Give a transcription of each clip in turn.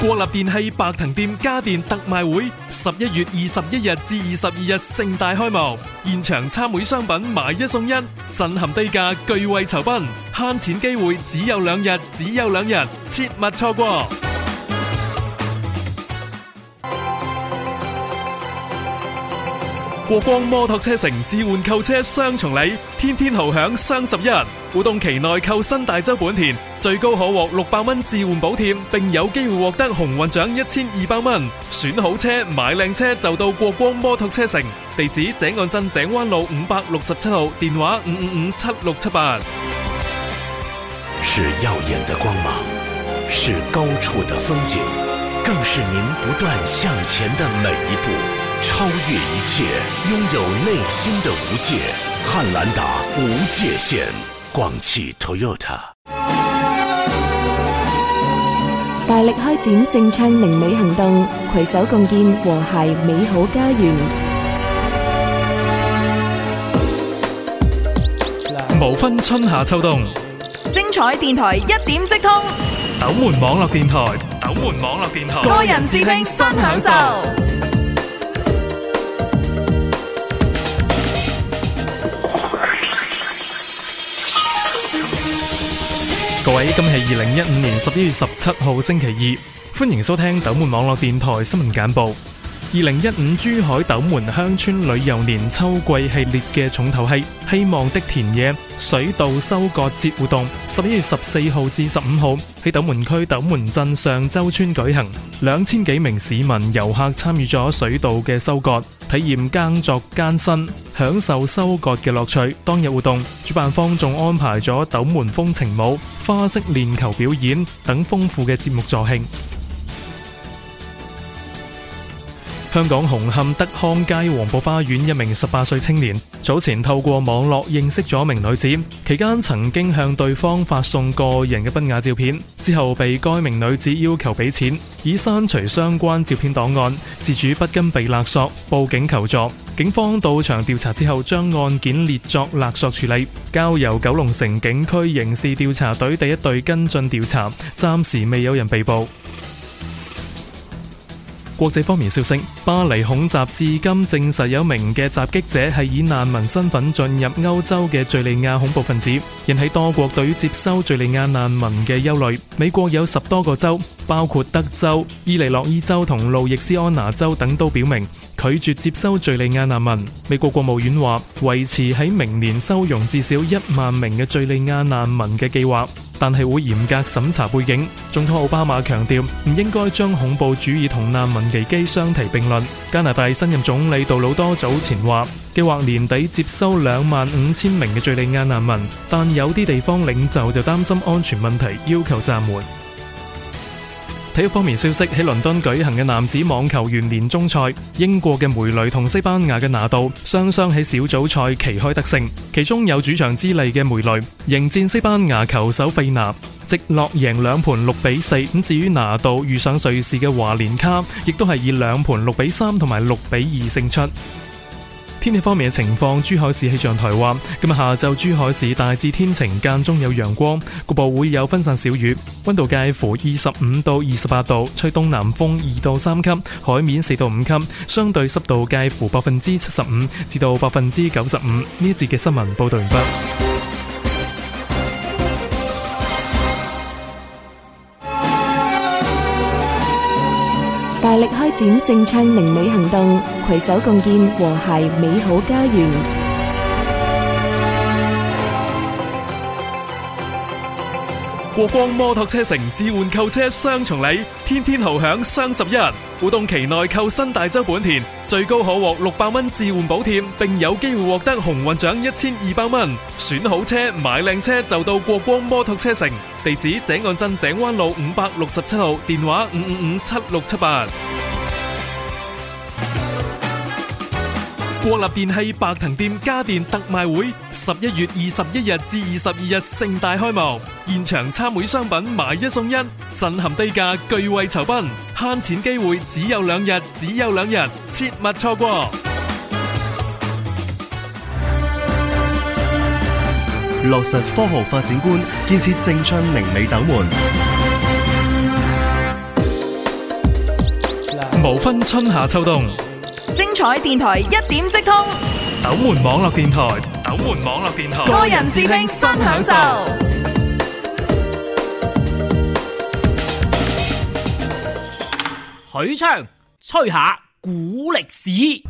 國立電器白藤店家電特賣會十一月二十一日至二十二日盛大開幕，現場參會商品買一送一，震撼低價，巨惠酬賓，慳錢機會只有兩日，只有兩日，切勿錯過。國光摩托車城置換購車雙重禮，天天豪享雙十一，活動期內購新大洲本田，最高可獲六百蚊置換補貼，並有機會獲得鴻運獎一千二百蚊。選好車，買靚車就到國光摩托車城，地址井岸鎮井灣路五百六十七號，電話五五五七六七八。是耀眼的光芒，是高處的風景，更是您不斷向前的每一步。超越一切，擁有內心的無界，漢蘭達無界限，廣汽 Toyota。大力開展淨暢寧美行動，攜手共建和諧美好家園。無分春夏秋冬，精彩電台一點即通。斗門網絡電台，斗門網絡電台，個人視聽新享受。各位，今日係二零一五年十一月十七號星期二，歡迎收聽斗門網絡電台新聞簡報。二零一五珠海斗門鄉村旅遊年秋季系列嘅重頭戲——希望的田野水稻收割節活動，十一月十四號至十五號喺斗門區斗門鎮上洲村舉行，兩千幾名市民遊客參與咗水稻嘅收割，體驗耕作艱辛，享受收割嘅樂趣。當日活動主辦方仲安排咗斗門風情舞、花式練球表演等豐富嘅節目助興。香港紅磡德康街黃埔花園一名十八歲青年，早前透過網絡認識咗名女子，期間曾經向對方發送個人嘅不雅照片，之後被該名女子要求俾錢以刪除相關照片檔案，事主不甘被勒索，報警求助。警方到場調查之後，將案件列作勒索處理，交由九龍城警區刑事調查隊第一隊跟進調查，暫時未有人被捕。國際方面消息，巴黎恐襲至今證實有名嘅襲擊者係以難民身份進入歐洲嘅敘利亞恐怖分子，引起多國對於接收敘利亞難民嘅憂慮。美國有十多個州，包括德州、伊利諾伊州同路易斯安那州等，都表明。拒絕接收敘利亞難民，美國國務院話維持喺明年收容至少一萬名嘅敘利亞難民嘅計劃，但係會嚴格審查背景。總統奧巴馬強調唔應該將恐怖主義同難民危機相提並論。加拿大新任總理杜魯多早前話，計劃年底接收兩萬五千名嘅敘利亞難民，但有啲地方領袖就擔心安全問題，要求暫緩。體育方面消息，喺倫敦舉行嘅男子網球員年終賽，英國嘅梅雷同西班牙嘅拿度雙雙喺小組賽旗開得勝，其中有主場之利嘅梅雷迎戰西班牙球手費納，直落贏兩盤六比四，咁至於拿度遇上瑞士嘅華連卡，亦都係以兩盤六比三同埋六比二勝出。天氣方面嘅情況，珠海市氣象台話：今日下晝珠海市大致天晴，間中有陽光，局部會有分散小雨。温度介乎二十五到二十八度，吹東南風二到三級，海面四到五級，相對濕度介乎百分之七十五至到百分之九十五。呢一節嘅新聞報道完畢。大力開展淨暢寧美行動，攜手共建和諧美好家園。過光摩托車城置換購車雙重禮，天天豪享雙十一，活動期內購新大洲本田，最高可獲六百蚊置換補貼，並有機會獲得鴻運獎一千二百蚊。選好車，買靚車就到過光摩托車城，地址井岸鎮井灣路五百六十七號，電話五五五七六七八。國立電器白藤店家電特賣會，十一月二十一日至二十二日盛大開幕，現場參會商品買一送一，震撼低價，巨惠酬賓，慳錢機會只有兩日，只有兩日，切勿錯過！落實科學發展觀，建設正春寧美斗門，無分春夏秋冬。精彩電台一點即通，斗門網絡電台，斗門網絡電台，個人視聽新享受。許昌，吹下古歷史，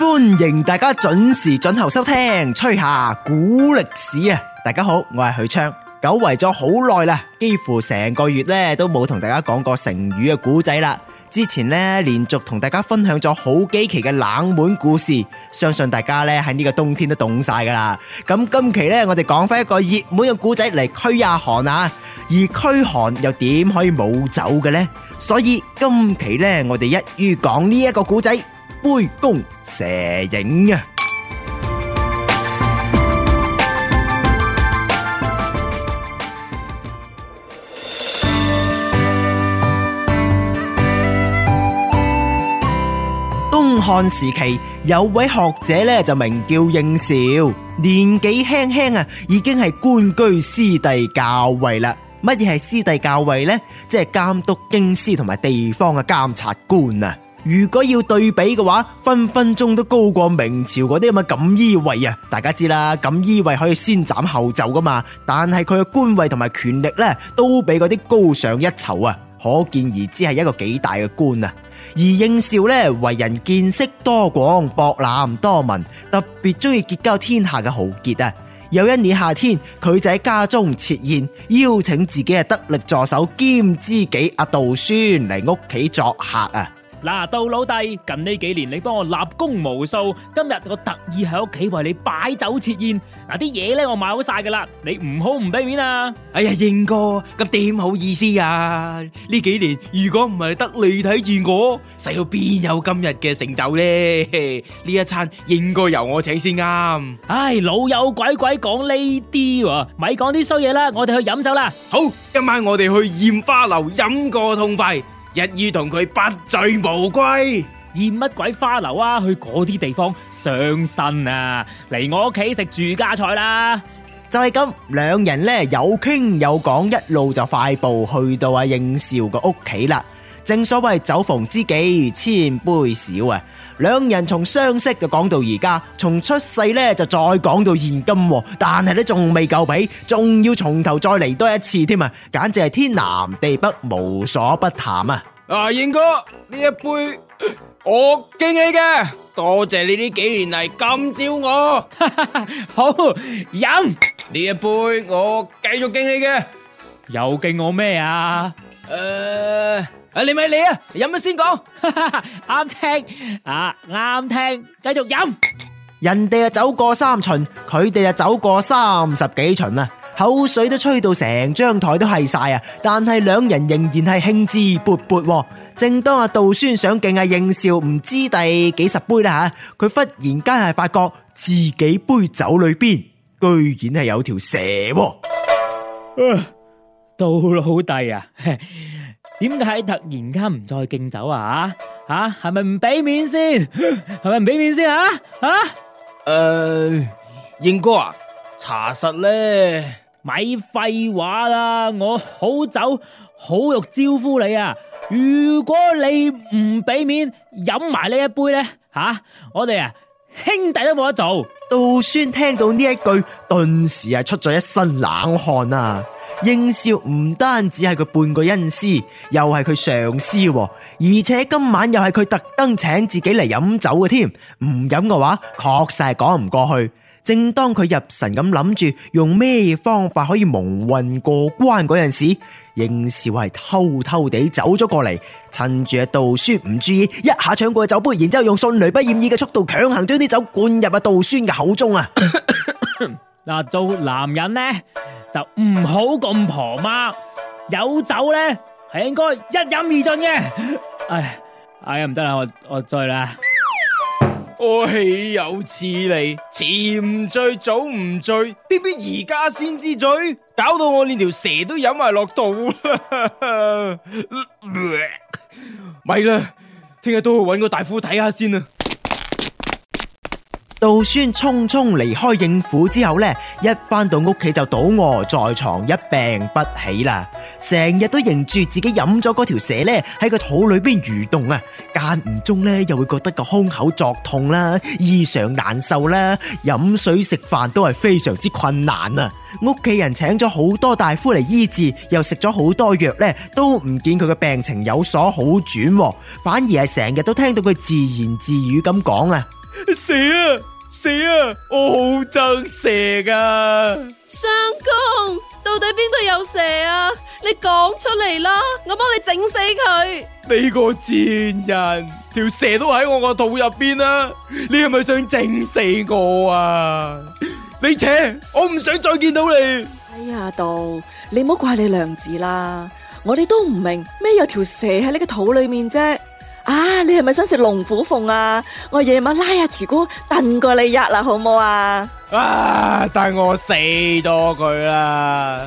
歡迎大家準時準候收聽《吹下古歷史》啊！大家好，我係許昌。久違咗好耐啦，幾乎成個月咧都冇同大家講過成語嘅古仔啦。之前咧連續同大家分享咗好幾期嘅冷門故事，相信大家咧喺呢個冬天都凍晒噶啦。咁今期咧我哋講翻一個熱門嘅古仔嚟驅下寒啊。而驅寒又點可以冇走嘅呢？所以今期咧我哋一於講呢一個古仔杯弓蛇影啊。漢時期有位學者咧就名叫應劭，年紀輕輕啊，已經係官居司隸校尉啦。乜嘢係司隸校尉呢？即係監督京師同埋地方嘅監察官啊。如果要對比嘅話，分分鐘都高過明朝嗰啲咁嘅錦衣衛啊。大家知啦，錦衣衛可以先斬後奏噶嘛。但係佢嘅官位同埋權力呢，都比嗰啲高上一籌啊。可見而知係一個幾大嘅官啊。而應少咧為人見識多廣，博覽多聞，特別中意結交天下嘅豪傑啊！有一年夏天，佢就喺家中設宴，邀請自己嘅得力助手兼知己阿杜宣嚟屋企作客啊！嗱，杜老弟，近呢幾年你幫我立功無數，今日我特意喺屋企為你擺酒設宴。嗱，啲嘢咧我買好晒噶啦，你唔好唔俾面啊！哎呀，應哥，咁點好意思啊？呢幾年如果唔係得你睇住我，使到邊有今日嘅成就咧？呢一餐應該由我請先啱。唉，老友鬼鬼講呢啲喎，咪講啲衰嘢啦，我哋去飲酒啦。好，今晚我哋去艷花樓飲個痛快。一於同佢不醉無歸，厭乜鬼花樓啊！去嗰啲地方傷身啊！嚟我屋企食住家菜啦！就係咁，兩人咧有傾有講，一路就快步去到阿、啊、應兆個屋企啦。正所謂酒逢知己千杯少啊！兩人從相識就講到而家，從出世咧就再講到現今，但係咧仲未夠比，仲要從頭再嚟多一次添啊！簡直係天南地北無所不談啊！啊，賢哥，呢一杯我敬你嘅，多謝你呢幾年嚟咁照我，好飲，呢一杯我繼續敬你嘅，又敬我咩啊？誒～你咪你啊！飲咗先講。啱聽啊，啱聽，繼續飲。人哋就走過三巡，佢哋就走過三十幾巡啦，口水都吹到成張台都係晒啊！但係兩人仍然係興致勃勃。正當阿杜宣想敬啊應笑，唔知第幾十杯啦吓，佢忽然間係發覺自己杯酒裏邊居然係有條蛇。杜老弟啊！點解突然間唔再敬酒啊？吓，係咪唔畀面先？係咪唔畀面先啊？啊！誒、呃，應哥啊，查實咧，咪廢話啦！我好酒好肉招呼你啊！如果你唔畀面飲埋呢一杯咧，吓我哋啊！兄弟都冇得做，杜宣聽到呢一句，頓時係出咗一身冷汗啊！應少唔單止係佢半個恩師，又係佢上司，啊，而且今晚又係佢特登請自己嚟飲酒嘅添，啊，唔飲嘅話，確實係講唔過去。正當佢入神咁諗住用咩方法可以蒙混過關嗰陣時。應少係偷偷地走咗過嚟，趁住阿道叔唔注意，一下搶過個酒杯，然之後用迅雷不掩耳嘅速度強行將啲酒灌入阿道叔嘅口中啊！嗱，做男人咧就唔好咁婆媽，有酒咧係應該一飲而盡嘅。唉，唉唔得啦，我我醉啦。我豈有此理？前唔醉，早唔醉，偏偏而家先知醉，搞到我連條蛇都飲埋落肚啦！咪 啦，聽日都去搵個大夫睇下先啦。杜宣匆匆離開應府之後呢一返到屋企就倒卧在床，一病不起啦。成日都凝住自己飲咗嗰條蛇呢喺個肚裏邊蠕動啊，間唔中呢又會覺得個胸口作痛啦，異常難受啦，飲水食飯都係非常之困難啊！屋企人請咗好多大夫嚟醫治，又食咗好多藥呢都唔見佢嘅病情有所好轉，反而係成日都聽到佢自言自語咁講啊。蛇啊蛇啊，我好憎蛇㗎！相公，到底邊度有蛇啊？你講出嚟啦，我幫你整死佢！你個賤人，條蛇都喺我個肚入邊啦，你係咪想整死我啊？你扯，我唔想再見到你。哎呀，道，你唔好怪你娘子啦，我哋都唔明咩有條蛇喺你個肚裏面啫。啊！你係咪想食龍虎鳳啊？我夜晚拉下慈姑燉過你吔啦，好冇啊？啊！但我死咗佢啦。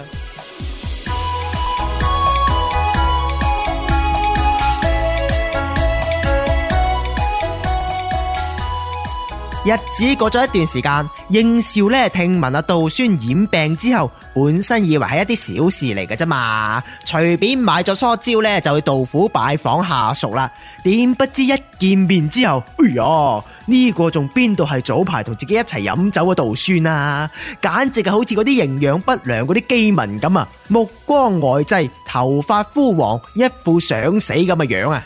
日子過咗一段時間，應少咧聽聞啊杜孫染病之後，本身以為係一啲小事嚟嘅啫嘛，隨便買咗梳蕉咧就去杜府拜訪下屬啦。點不知一見面之後，哎呀呢個仲邊度係早排同自己一齊飲酒嘅杜孫啊！簡直係好似嗰啲營養不良嗰啲基民咁啊，目光呆滯，頭髮枯黃，一副想死咁嘅樣啊！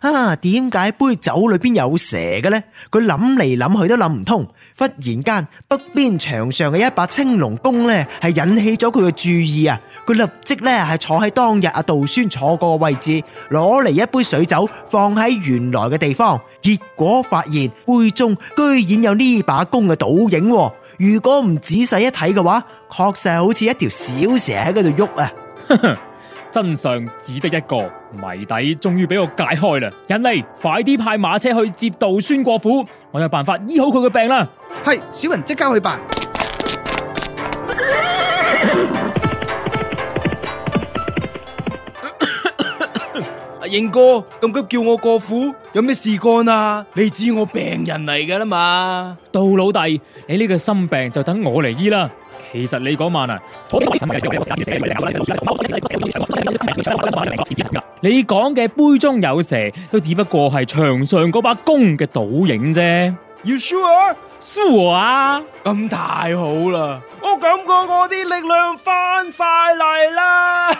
啊，點解杯酒裏邊有蛇嘅咧？佢諗嚟諗去都諗唔通。忽然間，北邊牆上嘅一把青龍弓，咧，係引起咗佢嘅注意啊！佢立即咧係坐喺當日阿杜宣坐過嘅位置，攞嚟一杯水酒放喺原來嘅地方。結果發現杯中居然有呢把弓嘅倒影。如果唔仔細一睇嘅話，確實係好似一條小蛇喺嗰度喐啊！真相只得一個，謎底終於俾我解開啦！人嚟，快啲派馬車去接杜孫過府，我有辦法醫好佢嘅病啦！係，小人即刻去辦。阿應、 啊、哥咁急叫我過府，有咩事幹啊？你知我病人嚟噶啦嘛？杜老弟，你呢個心病就等我嚟醫啦。其實你嗰晚啊，好簡單噶。你講嘅杯中有蛇，都只不過係牆上嗰把弓嘅倒影啫。You sure？Sure 啊？咁太好啦！我感覺我啲力量翻晒嚟啦！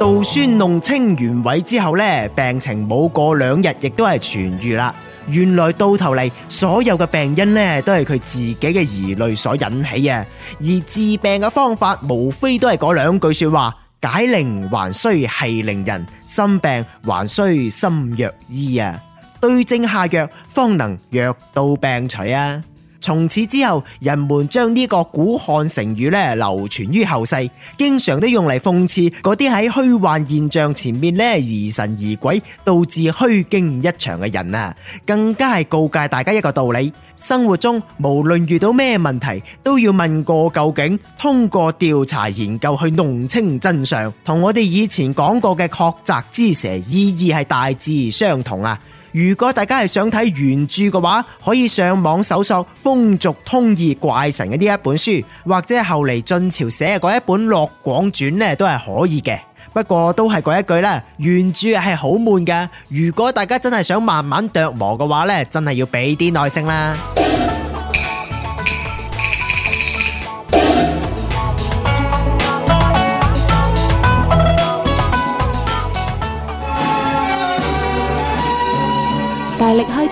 杜宣弄清原委之後呢，病情冇過兩日，亦都係痊愈啦。原來到頭嚟，所有嘅病因呢都係佢自己嘅疑慮所引起嘅。而治病嘅方法，無非都係嗰兩句說話：解鈴還需繫鈴人，心病還需心藥醫啊。對症下藥，方能藥到病除啊！從此之後，人們將呢個古漢成語咧流傳於後世，經常都用嚟諷刺嗰啲喺虛幻現象前面咧疑神疑鬼，導致虛驚一場嘅人啊！更加係告誡大家一個道理：生活中無論遇到咩問題，都要問過究竟，通過調查研究去弄清真相。同我哋以前講過嘅“曲折之蛇”意義係大致相同啊！如果大家係想睇原著嘅話，可以上網搜索《風俗通義怪神》嘅呢一本書，或者係後嚟晉朝寫嘅嗰一本《落廣傳》咧，都係可以嘅。不過都係嗰一句啦，原著係好悶㗎。如果大家真係想慢慢琢磨嘅話咧，真係要俾啲耐性啦。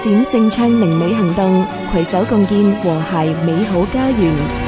展正創明美行動，攜手共建和諧美好家園。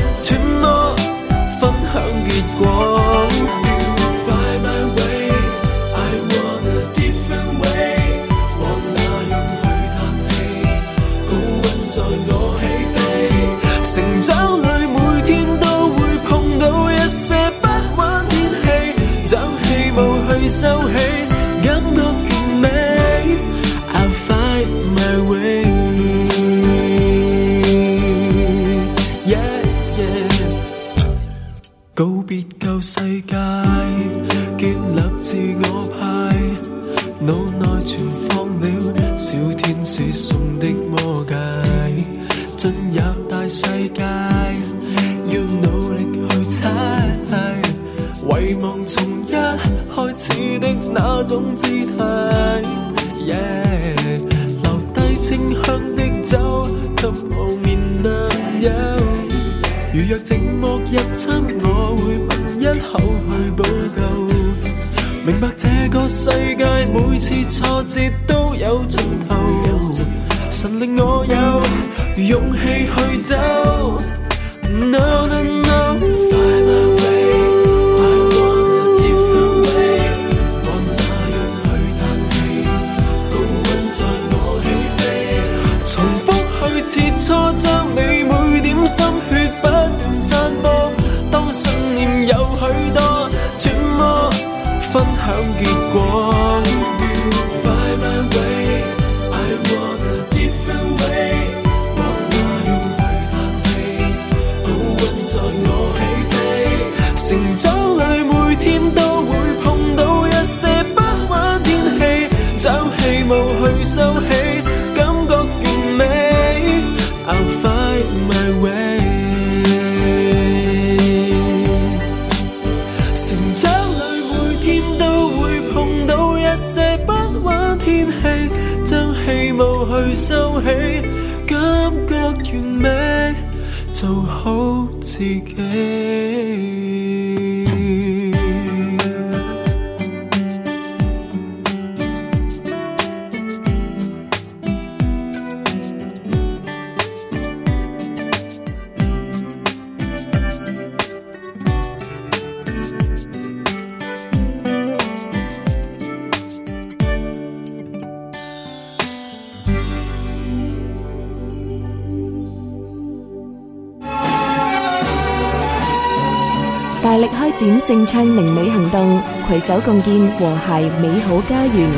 開展正昌明美行動，攜手共建和諧美好家園。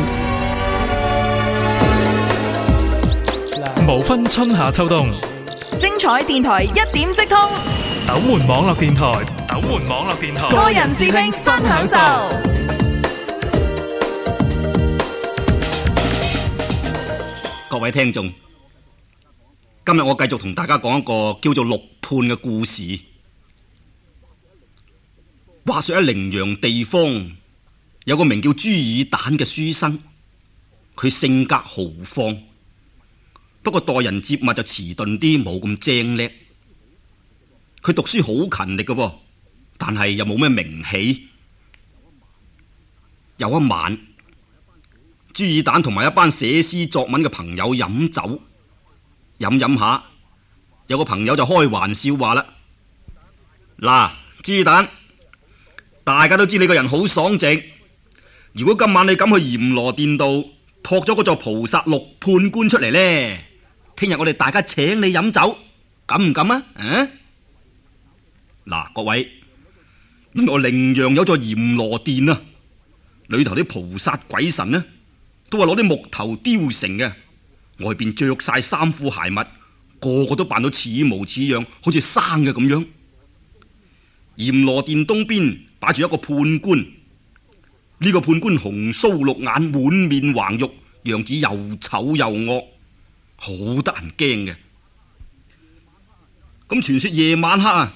無分春夏秋冬，精彩電台一點即通。斗門網絡電台，斗門網絡電台，個人視聽新享受。各位聽眾，今日我繼續同大家講一個叫做六判嘅故事。話說喺陵陽地方，有個名叫朱爾旦嘅書生，佢性格豪放，不過待人接物就遲鈍啲，冇咁精叻。佢讀書好勤力㗎喎，但係又冇咩名氣。有一晚，朱爾旦同埋一班寫詩作文嘅朋友飲酒，飲飲下，有個朋友就開玩笑話啦：「嗱，朱爾旦。大家都知你個人好爽直，如果今晚你敢去閻羅殿度托咗嗰座菩薩陸判官出嚟呢，聽日我哋大家請你飲酒，敢唔敢啊？嗯、啊？嗱，各位，我寧陽有座閻羅殿啊，裏頭啲菩薩鬼神呢、啊，都係攞啲木頭雕成嘅，外邊着晒衫褲鞋襪，個個都扮到似模似樣，好似生嘅咁樣。閻羅殿東邊。擺住一個判官，呢、這個判官紅鬚綠眼，滿面橫肉，樣子又醜又惡，好得人驚嘅。咁傳、嗯、說夜晚黑啊，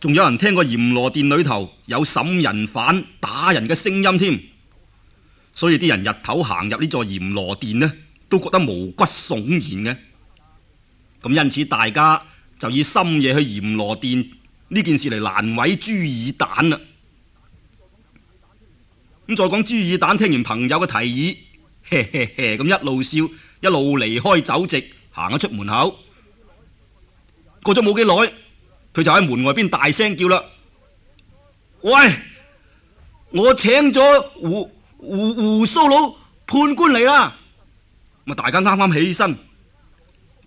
仲有人聽過閻羅殿裏頭有審人犯打人嘅聲音添，所以啲人日頭行入呢座閻羅殿呢，都覺得毛骨悚然嘅。咁因此大家就以深夜去閻羅殿，呢件事嚟難為朱爾旦啦！咁再講朱爾旦，聽完朋友嘅提議，咁嘿嘿嘿一路笑一路離開酒席，行咗出門口。過咗冇幾耐，佢就喺門外邊大聲叫啦：喂！我請咗胡胡胡蘇佬判官嚟啦！咁大家啱啱起身，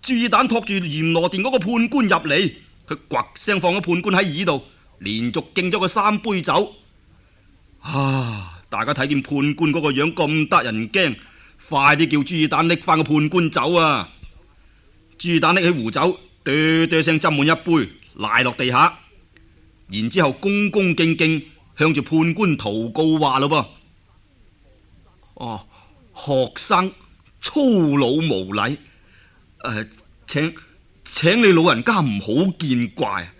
朱爾旦托住閻羅殿嗰個判官入嚟。佢摑聲放咗判官喺耳度，連續敬咗個三杯酒。啊！大家睇見判官嗰個樣咁得人驚，快啲叫朱爾旦拎翻個判官走啊！朱爾旦拎起壺酒，哆哆聲斟滿一杯，賴落地下，然之後恭恭敬敬向住判官禱告話咯噃。哦、啊，學生粗魯無禮，誒、啊，請。請你老人家唔好見怪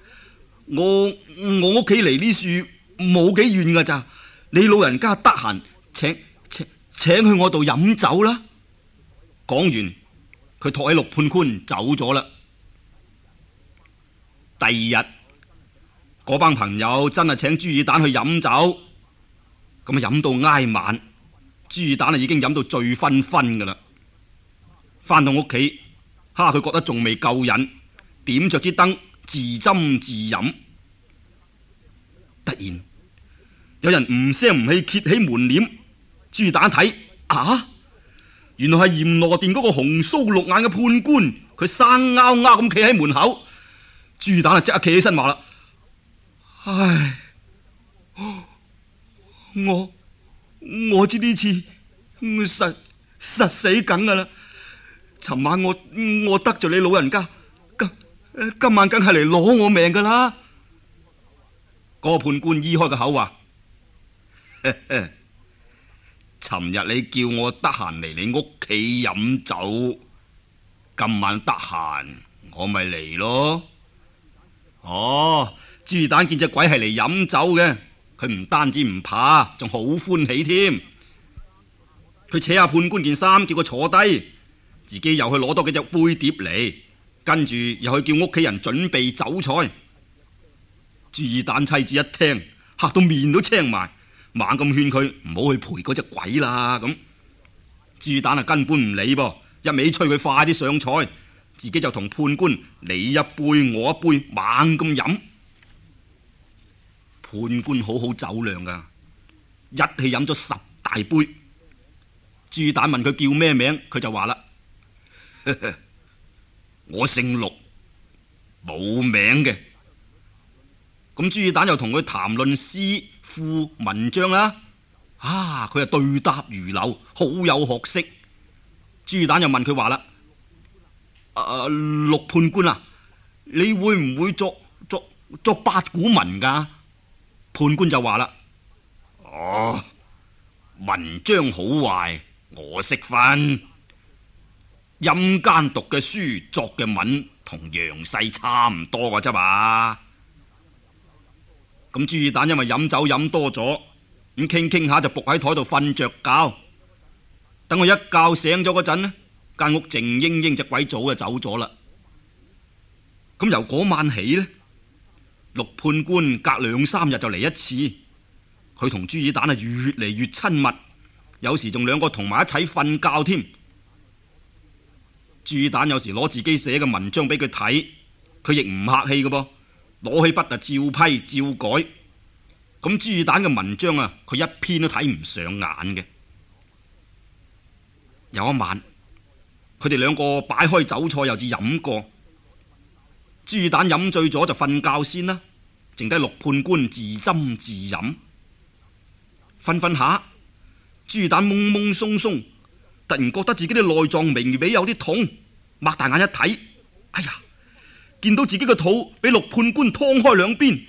我，我我屋企離呢樹冇幾遠噶咋？你老人家得閒，請請請去我度飲酒啦！講完，佢托喺陸判官走咗啦。第二日，嗰班朋友真係請朱爾旦去飲酒，咁啊飲到挨晚，朱爾旦啊已經飲到醉醺醺噶啦。翻到屋企。哈！佢覺得仲未夠癮，點着支燈自斟自飲。突然有人唔聲唔氣揭起門簾，朱蛋睇啊，原來係閻羅殿嗰個紅鬚綠眼嘅判官，佢生勾勾咁企喺門口。朱蛋啊，即刻企起身話啦，唉，我我知呢次實實死梗噶啦。尋晚我我得罪你老人家，今今晚梗係嚟攞我命噶啦！個判官醫開個口話，尋日你叫我得閒嚟你屋企飲酒，今晚得閒我咪嚟咯。哦，朱蛋見隻鬼係嚟飲酒嘅，佢唔單止唔怕，仲好歡喜添。佢扯下判官件衫，叫佢坐低。自己又去攞多幾隻杯碟嚟，跟住又去叫屋企人準備酒菜。朱蛋妻、妻子一聽，吓到面都青埋，猛咁勸佢唔好去陪嗰隻鬼啦。咁朱蛋啊，根本唔理噃，一味催佢快啲上菜。自己就同判官你一杯我一杯，猛咁飲。判官好好酒量㗎、啊，一氣飲咗十大杯。朱蛋問佢叫咩名，佢就話啦。 我姓陸，冇名嘅。咁朱爾蛋就同佢談論詩賦文章啦，啊，佢又對答如流，好有學識。朱爾蛋就問佢話啦：啊，陸判官啊，你會唔會作作，作作八股文噶？判官就話啦：哦、啊，文章好壞，我識分。陰間讀嘅書，作嘅文，同陽世差唔多㗎啫嘛。咁朱爾旦因為飲酒飲多咗，咁傾傾下就伏喺台度瞓着覺。等佢一覺醒咗嗰陣咧，間屋靜英英隻鬼早就走咗啦。咁由嗰晚起咧，陸判官隔兩三日就嚟一次。佢同朱爾旦啊越嚟越親密，有時仲兩個同埋一齊瞓覺添。朱旦有時攞自己寫嘅文章俾佢睇，佢亦唔客氣嘅噃，攞起筆就照批照改。咁朱旦嘅文章啊，佢一篇都睇唔上眼嘅。有一晚，佢哋兩個擺開酒菜，又至飲過。朱旦飲醉咗就瞓覺先啦，剩低陸判官自斟自飲，瞓瞓下，朱旦懵懵鬆鬆。突然覺得自己啲內臟明尾有啲痛，擘大眼一睇，哎呀！見到自己個肚俾陸判官劏開兩邊，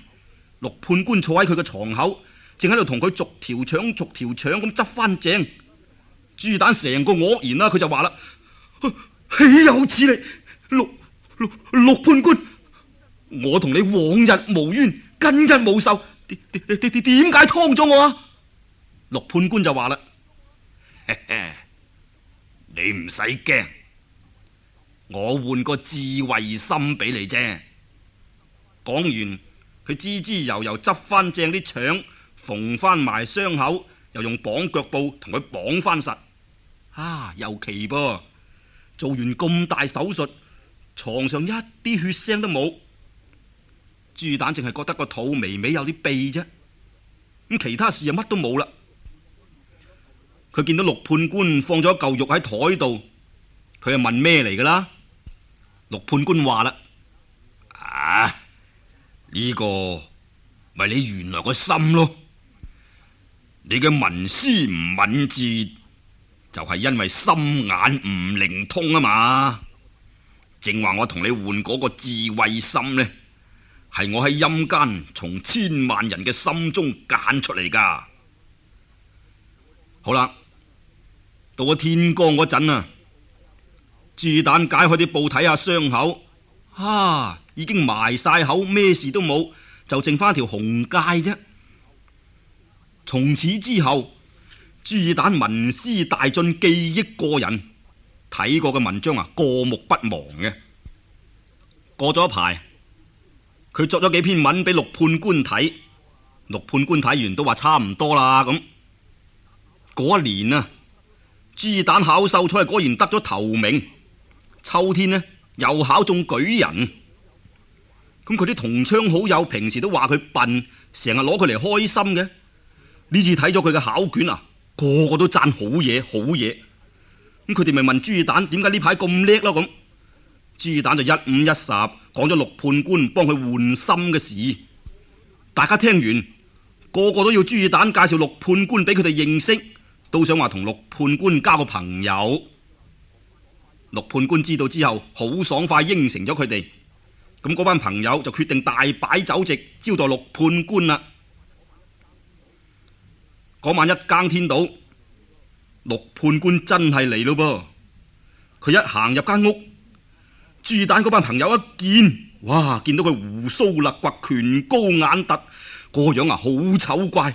陸判官坐喺佢個床口，正喺度同佢逐條腸逐條腸咁執翻正。豬蛋成個愕然啦，佢就話啦：啊，豈有此理！陸陸陸判官，我同你往日無冤，今日無仇，點解劏咗我啊？陸判官就話啦：，嘿。 你唔使驚，我換個智慧心俾你啫。講完，佢滋滋悠悠執翻正啲腸，縫翻埋傷口，又用綁腳布同佢綁翻實。啊，尤其噃，做完咁大手術，床上一啲血腥都冇，豬蛋淨係覺得個肚微微微有啲痹啫。咁其他事又乜都冇啦。佢見到陸判官放咗一嚿肉喺台度，佢就問咩嚟噶啦？陸判官話啦：，啊，呢個咪你原來個心咯，你嘅文思唔敏捷就係因為心眼唔靈通啊嘛。正話我同你換嗰個智慧心呢，係我喺陰間從千萬人嘅心中揀出嚟噶。好啦。到咗天光嗰陣啊，朱爾旦解開啲布睇下傷口，啊，已經埋晒口，咩事都冇，就剩翻一條紅戒啫。從此之後，朱爾旦文思大進，記憶過人，睇過嘅文章啊，過目不忘嘅。過咗一排，佢作咗幾篇文俾陸判官睇，陸判官睇完都話差唔多啦咁。嗰一年啊。朱爾旦考秀才，果然得咗頭名。秋天呢，又考中舉人。咁佢啲同窗好友平時都話佢笨，成日攞佢嚟開心嘅。呢次睇咗佢嘅考卷啊，個個都讚好嘢、好嘢。咁佢哋咪問朱爾旦點解呢排咁叻咯？咁朱爾旦就一五一十講咗六判官幫佢換心嘅事。大家聽完，個個都要朱爾旦介紹六判官俾佢哋認識。都想話同陸判官交個朋友，陸判官知道之後好爽快應承咗佢哋，咁嗰班朋友就決定大擺酒席招待陸判官啦。嗰晚一更天到，陸判官真係嚟咯噃，佢一行入間屋，朱蛋嗰班朋友一見，哇，見到佢鬍鬚立骨，顴高眼突，嗰個樣啊好醜怪。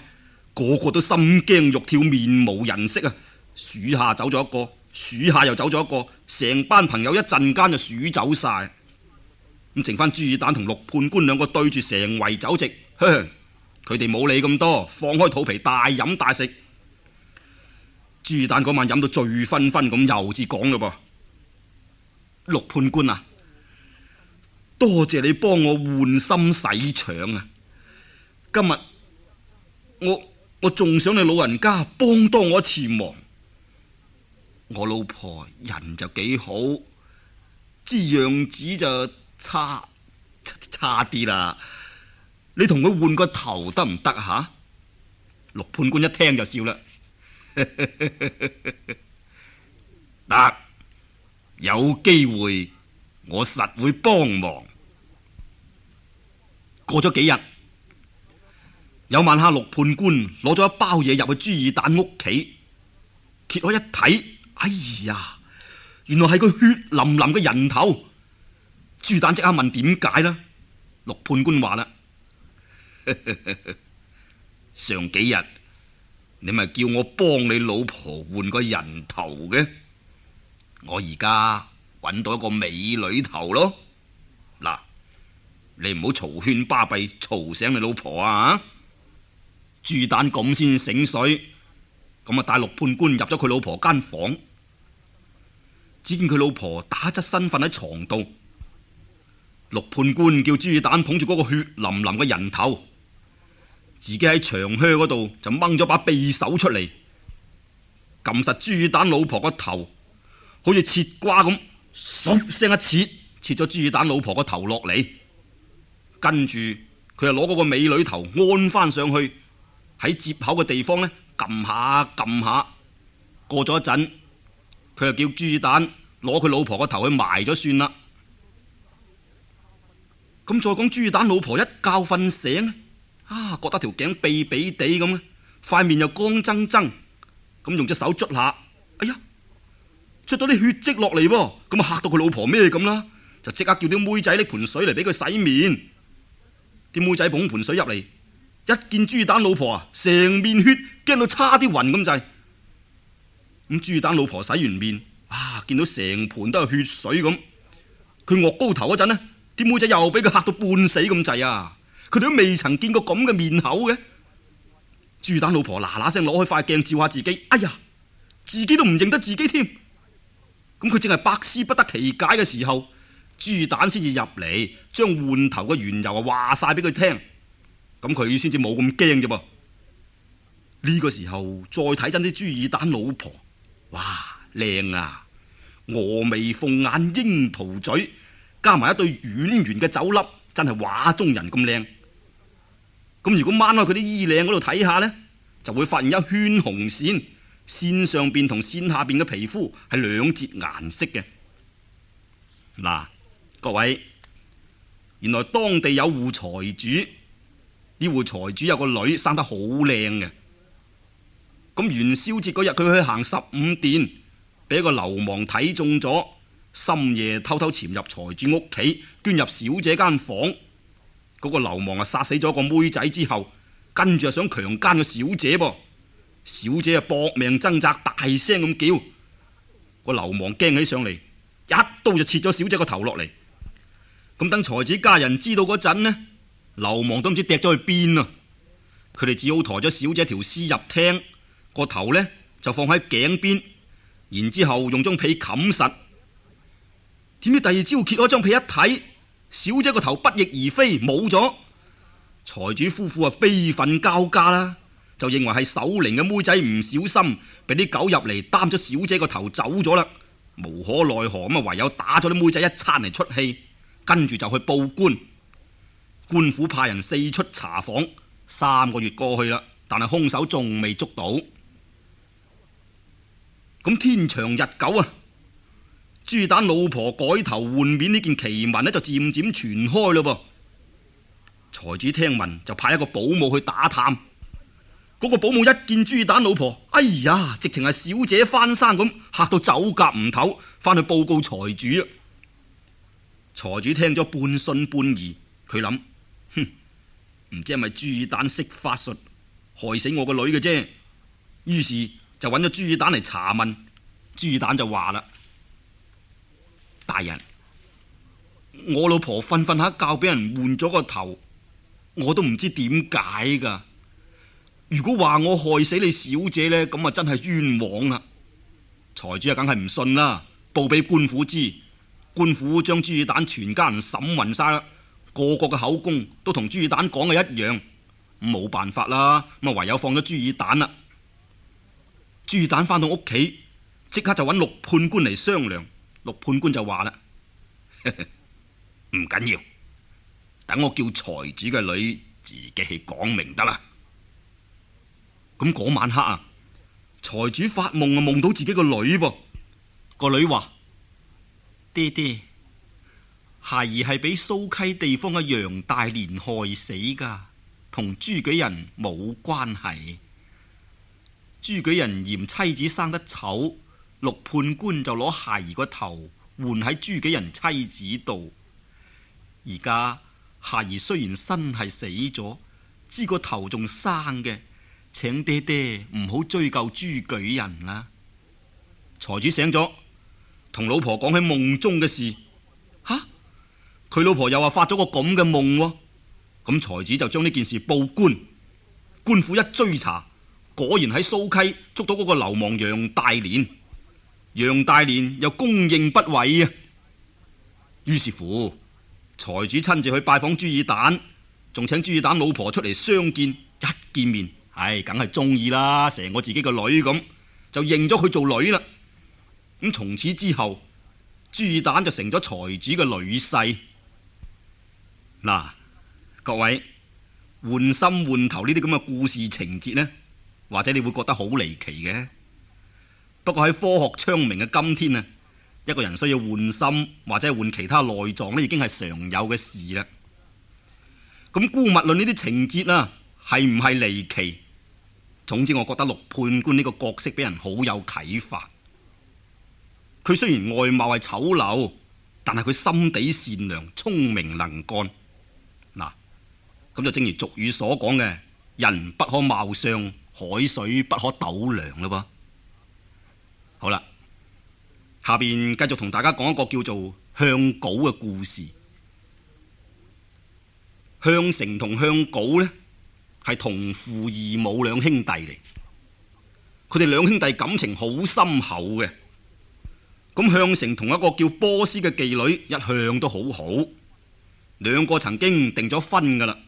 個個都心驚肉跳，面無人色啊！數下走咗一個，數下又走咗一個，成班朋友一陣間就數走晒。咁剩翻朱爾旦同陸判官兩個對住成圍酒席，呵呵，佢哋冇理咁多，放開肚皮大飲大食。朱爾旦嗰晚飲到醉醺醺咁，又至講嘞噃。陸判官啊，多謝你幫我換心洗腸啊！今日我。我仲想你老人家幫多我一次忙，我老婆人就幾好，之樣子就差差啲啦。你同佢換個頭得唔得吓？陸判官一聽就笑啦，得 有機會我實會幫忙。過咗幾日。有晚黑，陸判官攞咗一包嘢入去朱二蛋屋企，揭開一睇，哎呀，原來係個血淋淋嘅人頭。朱蛋即刻問點解啦？陸判官話啦： 上幾日你咪叫我幫你老婆換個人頭嘅，我而家搵到一個美女頭咯。嗱，你唔好嘈喧巴閉，嘈醒你老婆啊！豬蛋咁先醒水，咁啊！帶陸判官入咗佢老婆間房，只見佢老婆打側身瞓喺床度。陸判官叫豬蛋捧住嗰個血淋淋嘅人頭，自己喺長靴嗰度就掹咗把匕首出嚟，撳實豬蛋老婆個頭，好似切瓜咁，唰聲屎一切，切咗豬蛋老婆個頭落嚟，跟住佢就攞嗰個美女頭安翻上去。喺接口嘅地方呢，撳下撳下，過咗一陣，佢就叫豬蛋攞佢老婆個頭去埋咗算啦。咁、嗯、再講豬蛋老婆一覺瞓醒咧，啊，覺得條頸痹痹地咁嘅，塊面又光錚錚，咁用隻手捽下，哎呀，捽到啲血跡落嚟噃，咁嚇到佢老婆咩咁啦，就即刻叫啲妹仔搦盆水嚟俾佢洗面，啲妹仔捧盆水入嚟。一見豬蛋老婆啊，成面血，驚到差啲暈咁滯。咁豬蛋老婆洗完面，啊，見到成盤都係血水咁。佢惡高頭嗰陣咧，啲妹仔又俾佢吓到半死咁滯啊！佢哋都未曾見過咁嘅面口嘅。豬蛋、嗯、老婆嗱嗱聲攞開塊鏡照下自己，哎呀，自己都唔認得自己添。咁佢淨係百思不得其解嘅時候，豬蛋先至入嚟，將換頭嘅緣由啊話晒俾佢聽。咁佢先至冇咁驚啫噃，呢個時候再睇真啲，豬耳蛋老婆，哇靚啊，峨眉鳳眼櫻桃嘴，加埋一對軟圓嘅酒粒，真係畫中人咁靚。咁如果掹開佢啲衣領嗰度睇下呢，就會發現一圈紅線，線上邊同線下邊嘅皮膚係兩截顏色嘅。嗱，各位，原來當地有戶財主。呢戶財主有個女生得好靚嘅，咁元宵節嗰日佢去行十五殿，俾個流氓睇中咗，深夜偷偷潛入財主屋企，捐入小姐間房。嗰個流氓啊殺死咗個妹仔之後，跟住啊想強姦個小姐，噃小姐啊搏命掙扎，大聲咁叫，個流氓驚起上嚟，一刀就切咗小姐個頭落嚟。咁等財主家人知道嗰陣呢？流氓都唔知掟咗去邊啊！佢哋只好抬咗小姐條屍入廳，個頭呢就放喺頸邊，然之後用張被冚實。點知第二朝揭咗張被一睇，小姐個頭不翼而飛，冇咗。財主夫婦啊悲憤交加啦，就認為係守靈嘅妹仔唔小心俾啲狗入嚟擔咗小姐個頭走咗啦，無可奈何咁啊，唯有打咗啲妹仔一餐嚟出氣，跟住就去報官。官府派人四出查訪，三個月過去啦，但係凶手仲未捉到。咁天長日久啊，豬蛋老婆改頭換面呢件奇聞呢，就漸漸傳開啦噃。財主聽聞就派一個保姆去打探，嗰、那個保姆一見豬蛋老婆，哎呀，直情係小姐翻山咁，吓到走甲唔唞，翻去報告財主啊。財主聽咗半信半疑，佢諗。唔知係咪朱爾丹識法術害死我個女嘅啫，於是就揾咗朱爾丹嚟查問。朱爾丹就話啦：大人，我老婆瞓瞓下覺俾人換咗個頭，我都唔知點解噶。如果話我害死你小姐呢，咁啊真係冤枉啊！財主啊，梗係唔信啦，報俾官府知，官府將朱爾丹全家人審問晒啦。個個嘅口供都同朱爾旦講嘅一樣，冇辦法啦，咁啊唯有放咗朱爾旦啦。朱爾旦翻到屋企，即刻就揾陸判官嚟商量。陸判官就話啦：唔緊要，等我叫財主嘅女自己去講明得啦。咁嗰晚黑啊，財主發夢啊，夢到自己個女噃，個女話：爹爹。孩兒係俾蘇溪地方嘅楊大連害死噶，同朱舉人冇關係。朱舉人嫌妻子生得醜，陸判官就攞孩兒個頭換喺朱舉人妻子度。而家孩兒雖然身係死咗，知個頭仲生嘅，請爹爹唔好追究朱舉人啦。財主醒咗，同老婆講起夢中嘅事。佢老婆又話發咗個咁嘅夢，咁財主就將呢件事報官，官府一追查，果然喺蘇溪捉到嗰個流氓楊大年，楊大年又供認不諱啊。於是乎，財主親自去拜訪朱二蛋，仲請朱二蛋老婆出嚟相見，一見面，唉、哎，梗係中意啦，成我自己個女咁，就認咗佢做女啦。咁從此之後，朱二蛋就成咗財主嘅女婿。嗱，各位換心換頭呢啲咁嘅故事情節呢，或者你會覺得好離奇嘅。不過喺科學昌明嘅今天呢，一個人需要換心或者換其他內臟咧，已經係常有嘅事啦。咁姑勿論呢啲情節啊，係唔係離奇？總之，我覺得陸判官呢個角色俾人好有啟發。佢雖然外貌係醜陋，但係佢心地善良、聰明能幹。咁就正如俗語所講嘅，人不可貌相，海水不可斗量啦喎，好啦，下邊繼續同大家講一個叫做向稿嘅故事。向成同向稿呢，係同父異母兩兄弟嚟，佢哋兩兄弟感情好深厚嘅。咁向成同一個叫波斯嘅妓女一向都好好，兩個曾經定咗婚噶啦。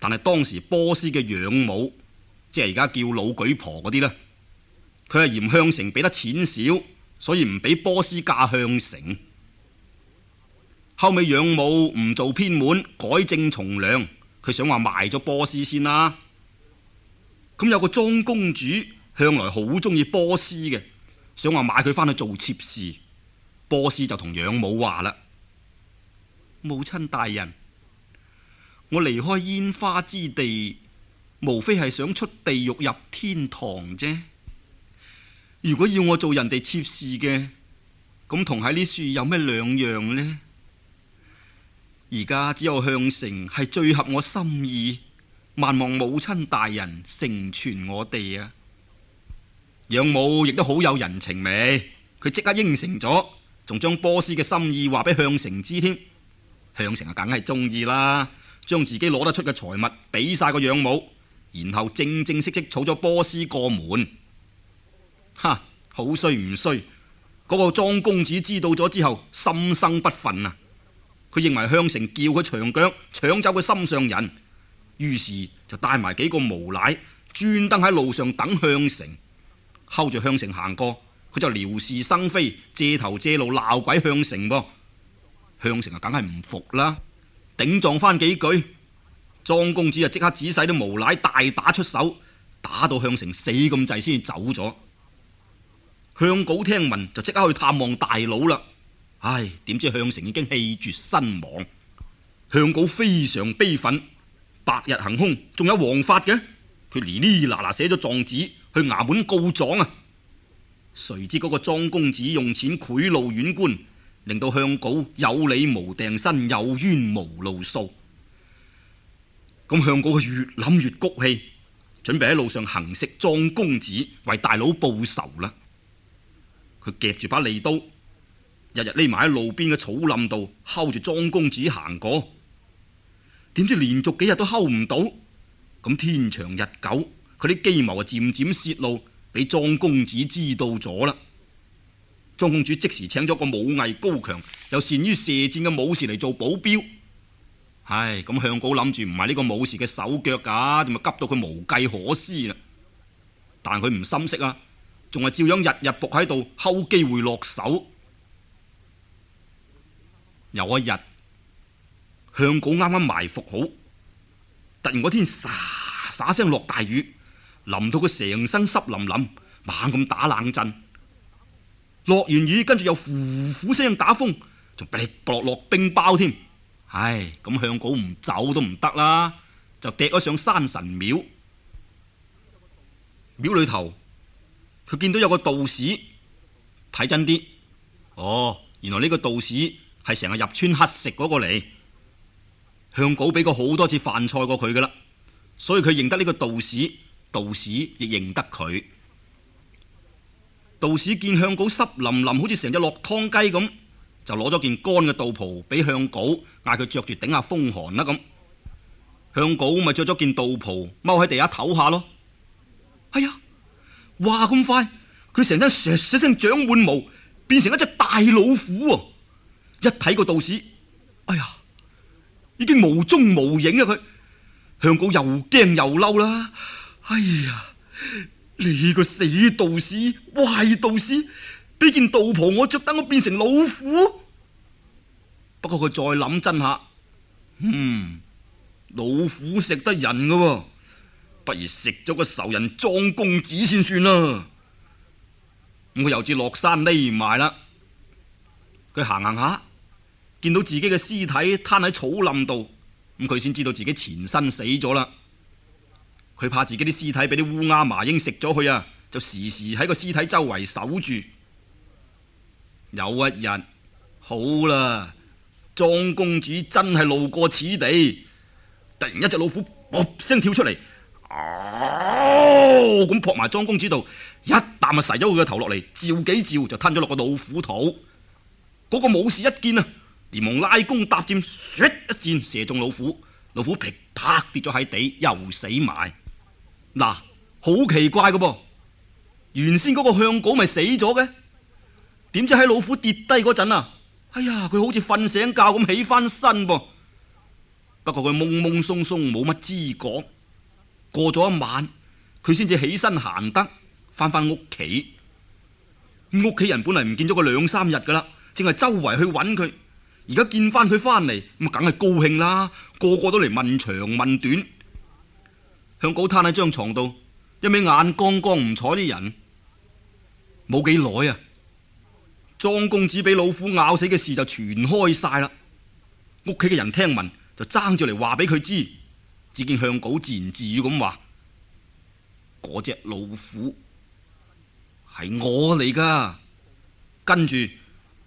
但係當時波斯嘅養母，即係而家叫老舉婆嗰啲呢，佢係嫌向城俾得錢少，所以唔俾波斯嫁向城。後尾養母唔做偏門，改正從良，佢想話賣咗波斯先啦、啊。咁有個莊公主向來好中意波斯嘅，想話買佢翻去做妾侍，波斯就同養母話啦，母親大人。我離開煙花之地，無非係想出地獄入天堂啫。如果要我做人哋妾侍嘅，咁同喺呢樹有咩兩樣呢？而家只有向成係最合我心意，萬望母親大人成全我哋啊！養母亦都好有人情味，佢即刻應承咗，仲將波斯嘅心意話俾向成知添。向成啊，梗係中意啦。將自己攞得出嘅財物俾晒個養母，然後正正式式儲咗波斯過門。哈，好衰唔衰？嗰個莊公子知道咗之後，心生不忿啊！佢認為向成叫佢長腳搶走佢心上人，於是就帶埋幾個無賴，專登喺路上等向成，睺住向成行過，佢就撩事生非，借頭借路鬧鬼向成噃。向成啊，梗係唔服啦。頂撞翻幾句，莊公子就即刻指使啲無賴大打出手，打到向成死咁滯先至走咗。向稿聽聞就即刻去探望大佬啦。唉，點知向成已經氣絕身亡。向稿非常悲憤，白日行凶，仲有王法嘅？佢呢呢啦啦寫咗狀紙去衙門告狀啊！誰知嗰個莊公子用錢賄賂縣官。令到向稿有理無定身，有冤無路訴。咁向稿佢越諗越谷氣，準備喺路上行刺莊公子為大佬報仇啦。佢夾住把利刀，日日匿埋喺路邊嘅草林度，敲住莊公子行過。點知連續幾日都敲唔到，咁天長日久，佢啲機謀啊漸漸洩露，俾莊公子知道咗啦。莊公主即時請咗個武藝高強又善於射箭嘅武士嚟做保鏢。唉，咁向古諗住唔係呢個武士嘅手腳噶，就咪急到佢無計可施啦。但佢唔心息啊，仲係照樣日日伏喺度，候機會落手。有一日，向古啱啱埋伏好，突然嗰天沙沙聲落大雨，淋到佢成身濕淋淋，猛咁打冷震。落完雨，跟住又呼呼聲打風，仲噼啪，啪，啪落，落冰雹添。唉，咁向稿唔走都唔得啦，就趯咗上山神廟。廟裏頭，佢見到有個道士，睇真啲。哦，原來呢個道士係成日入村乞食嗰、那個嚟。向稿俾過好多次飯菜過佢噶啦，所以佢認得呢個道士，道士亦認得佢。道士見向稿濕淋淋，好似成隻落湯雞咁，就攞咗件乾嘅道袍俾向稿，嗌佢着住頂下風寒啦咁。向稿咪着咗件道袍，踎喺地下唞下咯。哎呀，話咁快，佢成身石石聲長滿毛，變成一隻大老虎喎！一睇個道士，哎呀，已經無蹤無影啊！佢向稿又驚又嬲啦，哎呀！你個死道士，壞道士，俾件道袍我着，等我變成老虎。不過佢再諗真下，嗯，老虎食得人噶，不如食咗個仇人莊公子先算啦。咁佢又至落山匿埋啦。佢行行下，見到自己嘅屍體攤喺草林度，咁佢先知道自己前身死咗啦。佢怕自己啲屍體俾啲烏鴉麻鷹食咗佢啊，就時時喺個屍體周圍守住。有一日，好啦，莊公主真係路過此地，突然一隻老虎撲聲跳出嚟，哦、啊，咁撲埋莊公主度，一啖就噬咗佢個頭落嚟，照幾照就吞咗落個老虎肚。嗰、那個武士一見啊，連忙拉弓搭箭，咻一箭射中老虎，老虎噼啪，啪跌咗喺地，又死埋。嗱，好、啊、奇怪嘅噃、啊，原先嗰個向稿咪死咗嘅，點知喺老虎跌低嗰陣啊，哎呀，佢好似瞓醒覺咁起翻身噃、啊，不過佢懵懵鬆鬆冇乜知覺，過咗一晚，佢先至起身行得翻翻屋企，屋企人本嚟唔見咗佢兩三日噶啦，淨係周圍去揾佢，而家見翻佢翻嚟，咁梗係高興啦，個個都嚟問長問短。向稿攤喺張床度，一味眼光光唔睬啲人。冇幾耐啊，莊公子俾老虎咬死嘅事就傳開晒啦。屋企嘅人聽聞就爭住嚟話俾佢知。只見向稿自言自語咁話：嗰隻老虎係我嚟噶。跟住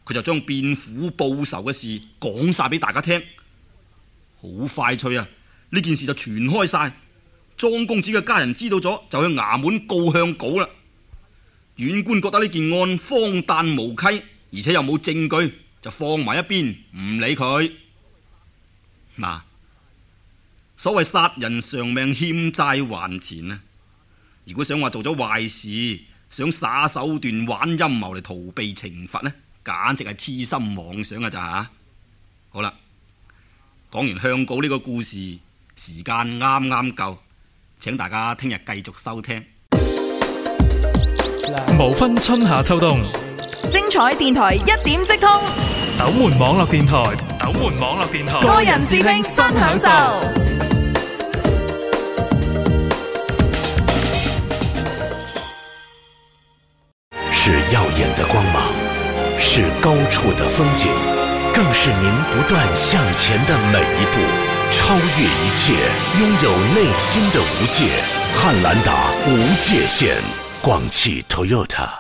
佢就將變虎報仇嘅事講晒俾大家聽。好快脆啊！呢件事就傳開晒。莊公子嘅家人知道咗，就去衙門告向稿啦。縣官覺得呢件案荒誕無稽，而且又冇證據，就放埋一邊唔理佢。嗱，所謂殺人償命、欠債還錢啊！如果想話做咗壞事，想耍手段、玩陰謀嚟逃避懲罰呢，簡直係癡心妄想㗎咋。好啦，講完向稿呢個故事，時間啱啱夠。請大家聽日繼續收聽，無分春夏秋冬，精彩電台一點即通，斗門網絡電台，斗門網絡電台，個人視聽新享受，是耀眼的光芒，是高處的風景，更是您不斷向前的每一步。超越一切，擁有內心的無界，漢蘭達無界限，廣汽 Toyota。